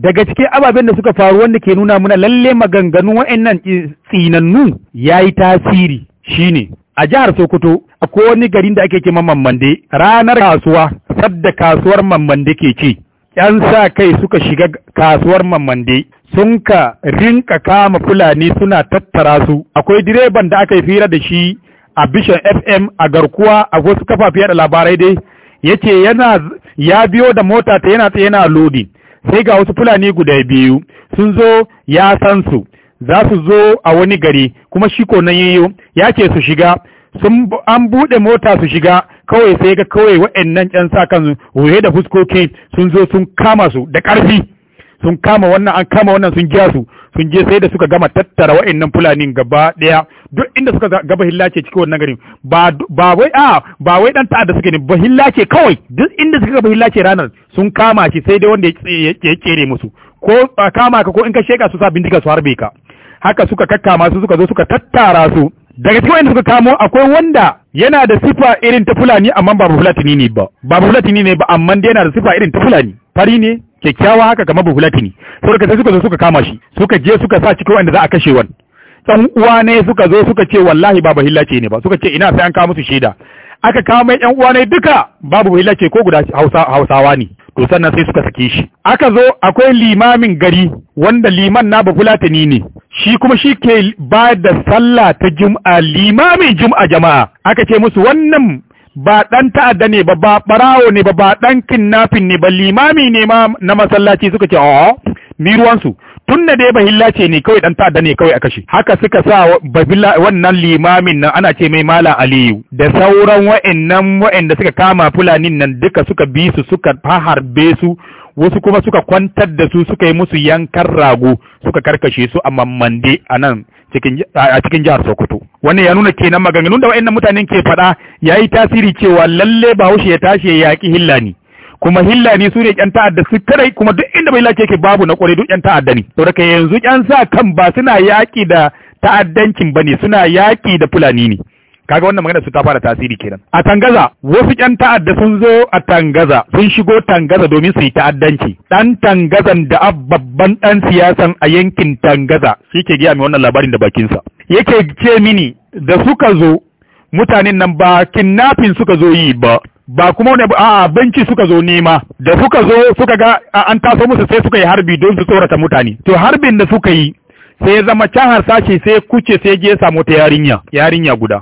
daga cikin ababen da suka faru wanda ke nuna muna lalle maganganu wa'annan tsinannu ya yi tasiri shine a jihar Sokoto akwai wani garin da ake kima Mammande ranar kasuwa sadda kasuwar Mammande ke ce yan sa kai suka shiga kasuwar Mammande sun ka rinka kama Fulani suna tattara su akwai direban da aka yi fira da shi a bishon FM a garkuwa a wasu kafafen labarai dai yace yana ya biyo da mota ta yana tsaye yana lodi sai ga wasu fulani guda biyu sun zo ya san su za su zo a wani gari kuma shi ko nan yayo ya ce su shiga sun an bude mota su shiga kawai sai ga kawai waɗannan ƴan sa kan da fuskoki sun zo sun kama su da ƙarfi sun kama wannan an kama wannan sun giya su sun je sai da suka gama tattara wa'annan fulani gaba daya duk inda suka gaba hillace cikin wannan garin ba ba wai a ba wai dan ta'adda suke ne ba hillace kawai duk inda suka gaba hillace ranar sun kama shi sai dai wanda ya kere musu ko kama ka ko in ka sheka su sa bindiga su harbe ka haka suka kakkama su suka zo suka tattara su daga cikin wanda suka kamo akwai wanda yana da sifa irin ta fulani amma ba fulatini ne ba ba fulatini ne ba amma dai yana da sifa irin ta fulani fari ne kyakkyawa haka kamar buhulati ne saboda sai suka zo suka kama shi suka je suka sa cikin wanda za a kashe wani dan uwa ne suka zo suka ce wallahi babu bahilla ne ba suka ce ina sai an kawo musu shaida aka kawo mai yan uwa ne duka babu bahilla ko guda hausawa ne to sannan sai suka saki shi aka zo akwai limamin gari wanda liman na bafulatani ne shi kuma shi ke ba da sallah ta jum'a limamin jum'a jama'a aka ce musu wannan ba ɗan ta'adda ne ba ba ɓarawo ne ba ba ɗan kinnafin ne ba limami ne ma na masallaci suka ce oh mi ruwansu tun da dai bahilla ce ne kawai ɗan ta'adda ne kawai a kashe haka suka sa bahilla wannan limamin nan ana ce mai mala aliyu da sauran wa'annan wa'anda suka kama fulanin nan duka suka bi su suka harbe su wasu kuma suka kwantar da su suka yi musu yankan rago suka karkashe su a mammande a nan a cikin jihar Sokoto wannan ya nuna kenan maganganun da wa'annan mutanen ke faɗa yayi tasiri cewa lalle Bahaushe ya tashi ya yaki hillani kuma hillani su ne yan ta'adda su karai kuma duk inda bai lace yake babu na kware duk ƴan ta'adda ne to yanzu ƴan sa kan ba suna yaƙi da ta'addancin ne, suna yaƙi da fulani ne kaga wannan magana su ta fara tasiri kenan a tangaza wasu yan ta'adda sun zo a tangaza sun shigo tangaza domin su yi ta'addanci dan tangazan da babban dan siyasan a yankin tangaza shi ke giya mai wannan labarin da bakinsa yake ce mini da suka zo mutanen nan ba kinnafin suka zo yi ba ba kuma wani a banki suka zo nema da suka zo suka ga an taso musu sai suka yi harbi don su tsorata mutane to harbin da suka yi sai ya zama can harsashi sai kuce sai je samu ta yarinya yarinya guda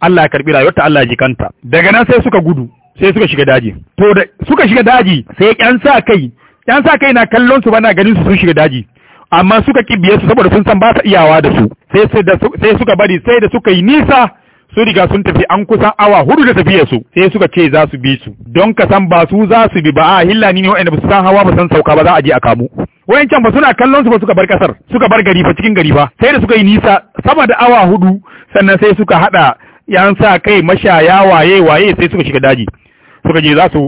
Allah ya karbi rayuwarta Allah ya jikanta daga nan sai suka gudu sai suka shiga daji to da suka shiga daji sai ƴan sa kai Ƴan sa kai na kallon su bana ganin su sun shiga daji amma suka kibiye su saboda sun san ba sa iyawa da su sai suka bari sai da suka yi nisa su riga sun tafi an kusan awa hudu da tafiya su sai suka ce za su bi su don ka san ba su za su bi ba a hilla ni ne wa'anda ba su san hawa ba san sauka ba za a je a kamu can ba suna kallon su ba suka bar kasar suka bar gari fa cikin gari ba sai da suka yi nisa sama da awa hudu sannan sai suka hada yan sa kai mashaya waye waye sai suka shiga daji suka je za su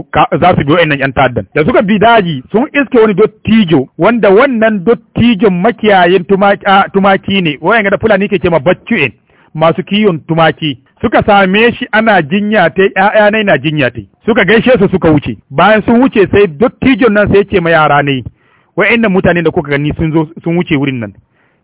biyo ɗan yan ta'addan da suka bi daji sun iske wani dottijo wanda wannan dottijon makiyayin tumaki ne wayan da fulani ke kema baccu'in masu kiyon tumaki suka same shi ana jinya ta ƴaƴa nai na jinya ta suka gaishe su suka wuce bayan sun wuce sai dottijon nan sai ya ce ma yara ne wa'annan mutane da kuka gani sun zo sun wuce wurin nan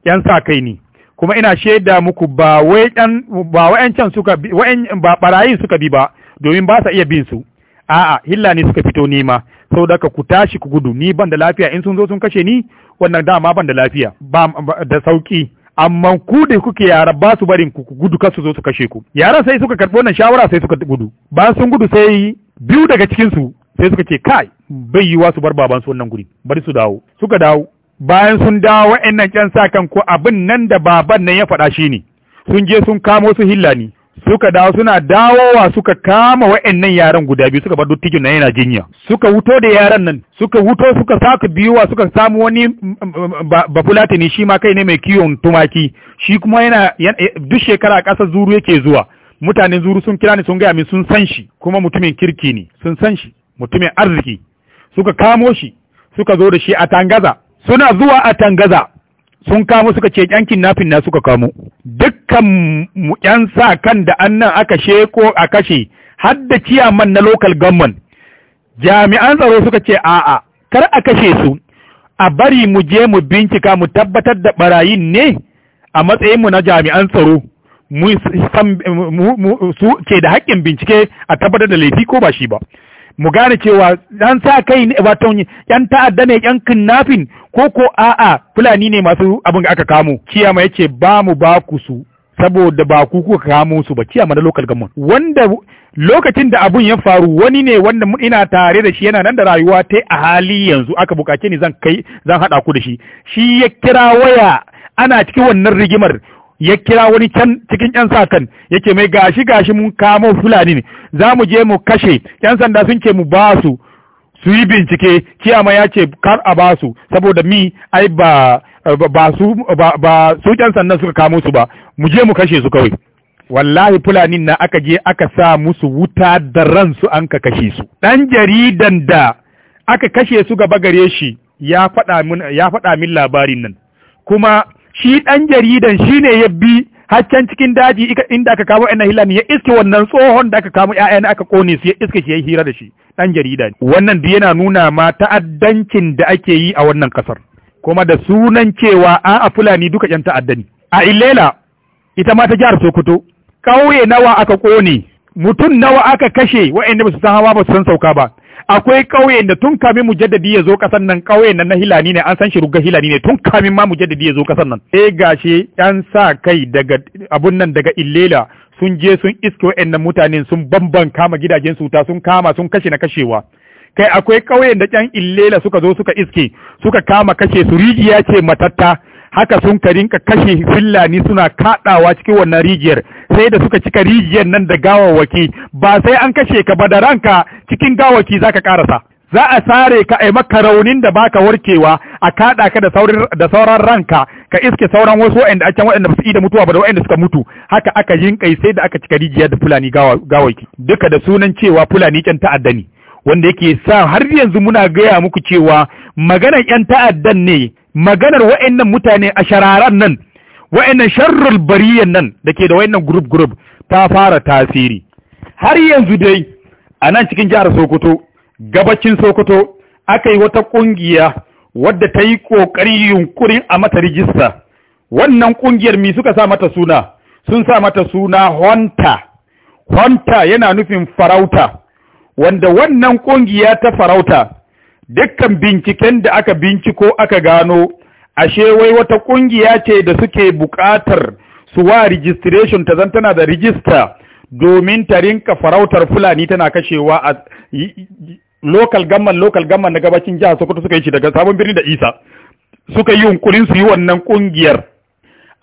yan sa kai ne kuma ina shaida muku ba wayan ba wayancan suka bi wayan ba barayin suka bi ba domin ba sa iya bin su a'a hilla ne suka fito nima saboda ku tashi ku gudu ni ban da lafiya in sun zo sun kashe ni wannan dama ban da lafiya ba da sauki amma ku da kuke yara ba su barin ku gudu kar su zo su kashe ku yaran sai suka karɓi wannan shawara sai suka gudu Ba sun gudu sai biyu daga cikin su sai suka ce kai bai yiwa su bar baban su wannan guri bari su dawo suka dawo bayan sun dawo wa'annan ƙyan sa kan ko abin nan da baban nan ya faɗa shi ne sun je sun kamo su ne suka dawo suna dawowa suka kama wa'annan yaran guda biyu suka bar dottijin nan yana jinya suka wuto da yaran nan suka wuto suka saka biyuwa suka samu wani mm, mm, mm, bafulati ne shi ma kai ne mai kiwon tumaki shi kuma yana duk shekara ƙasa zuru yake zuwa mutanen zuru sun kira ni sun gaya min sun san shi kuma mutumin kirki ne sun san shi mutumin arziki suka kamo shi suka zo da shi a tangaza suna zuwa a tangaza sun kamo suka ce yan kidnapping na suka kamo dukkan yan sa kan da annan aka sheko a kashe har da ciyaman na local government jami'an tsaro suka ce a'a kar a kashe su a bari mu je mu bincika mu tabbatar da barayin ne a matsayin mu na jami'an tsaro mu su ke da haƙƙin bincike a tabbatar da laifi ko ba shi ba mu gane cewa ɗan sa kai ne wato yan ta'adda ne yan kinnafin ko ko a'a fulani ne masu abin da aka kamo ciyama yace ba mu ba ku su saboda ba ku kuka kamo su ba ciyama na local government wanda lokacin da abun ya faru wani ne wanda ina tare da shi yana nan da rayuwa ta a hali yanzu aka bukace ni zan kai zan hada ku da shi shi ya kira waya ana cikin wannan rigimar ya kira wani can cikin yan sa kan yake mai gashi gashi mun kamo fulani ne za mu je mu kashe yan sanda sun ce mu ba su su yi bincike kiyama ya ce kar a ba su saboda mi ai ba ba su ba su yan sanda suka kamo su ba mu je mu kashe su kawai wallahi fulanin na aka je aka sa musu wuta da ransu an ka kashe su dan jaridan da aka kashe su gaba gare shi ya faɗa min labarin nan kuma shi ɗan jaridan shi ne ya bi haccan cikin daji inda aka kamo ɗan hilani ya iske wannan tsohon da aka kamo ƴaƴan aka kone su ya iske shi ya hira da shi ɗan jarida ne wannan biyu yana nuna ma ta'addancin da ake yi a wannan ƙasar. kuma da sunan cewa a fulani duka 'yan ta'adda ne a Ilela ita ma ta jihar Sokoto ƙauye nawa aka kone mutum nawa aka kashe waɗanda ba su san hawa ba su san sauka ba akwai ƙauyen da tun kamin jaddadi ya zo ƙasar nan ƙauyen nan na hilani ne an san shi ruga hilani ne tun kamin ma mujaddadi ya zo ƙasar nan sai eh, gashi yan sa kai daga abun nan daga illela sun je sun iske wa'annan mutanen sun bamban kama gidajen su ta sun kama sun kashe na kashewa kai akwai ƙauyen da ƴan illela suka zo suka iske suka kama kashe su rijiya ce matatta haka sun ka rinka kashe fillani suna kaɗawa cikin wannan rijiyar sai da suka cika rijiyar nan da gawawaki ba sai an kashe ka ba da ranka cikin gawaki ka ƙarasa. za a sare ka a maka raunin da baka warkewa a kaɗa ka da sauran ranka ka iske sauran wasu waɗanda a can waɗanda su da mutuwa ba da waɗanda suka mutu haka aka kai sai da aka cika rijiyar da fulani gawaki duka da sunan cewa fulani kyan ta'adda ne wanda yake sa har yanzu muna gaya muku cewa maganar yan ta'addan ne maganar wa'annan mutane a shararan nan wa'annan sharrul bariyan nan da ke da wa'annan group group ta fara tasiri har yanzu dai a nan cikin jihar Sokoto gabacin Sokoto aka yi wata ƙungiya wadda ta yi ƙoƙari yunkurin a mata rijista wannan ƙungiyar mi suka sa mata suna sun sa mata suna honta honta yana nufin farauta wanda wannan ƙungiya ta farauta dukkan binciken da aka binciko aka gano ashe wai wata kungiya ce da suke buƙatar su wa registration ta zan tana da register domin ta rinka farautar fulani tana kashewa a local gamman local gamman na gabacin jihar Sokoto suka yi shi daga sabon birni da Isa suka yi yunkurin su yi wannan kungiyar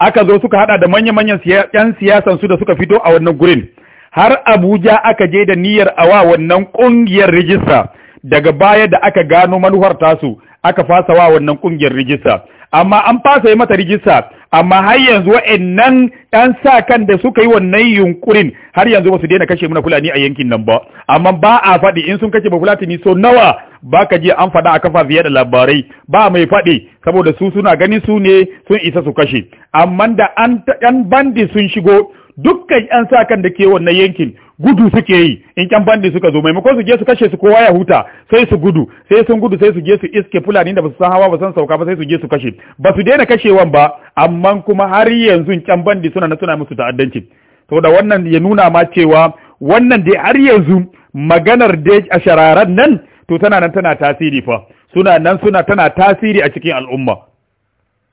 aka zo suka hada da manya-manyan yan siyasan su da suka fito a wannan gurin har Abuja aka je da niyyar a wa wannan kungiyar rijista daga baya da aka gano manufarta tasu aka fasa wa wannan kungiyar rijista amma an fasa yi mata rijista amma har yanzu wa'annan ɗan sa kan da suka yi wannan yunkurin har yanzu ba su daina kashe muna fulani a yankin nan ba amma ba a faɗi in sun kashe ba fulatini so nawa ba ka je an faɗa a kafa fiye da labarai ba mai faɗi saboda su suna gani su ne sun isa su kashe amma da an bandi sun shigo dukkan yan sakan da ke wannan yankin gudu suke yi in yan bandi suka zo maimakon su je su kashe su kowa ya huta sai su gudu sai sun gudu sai su je su iske fulani da basu san hawa ba san sauka ba sai su je su kashe ba su daina kashewan ba amma kuma har yanzu yan bandi suna na suna musu ta'addanci to da wannan ya nuna ma cewa wannan dai har yanzu maganar da a shararan nan to tana nan tana tasiri fa suna nan suna tana tasiri a cikin al'umma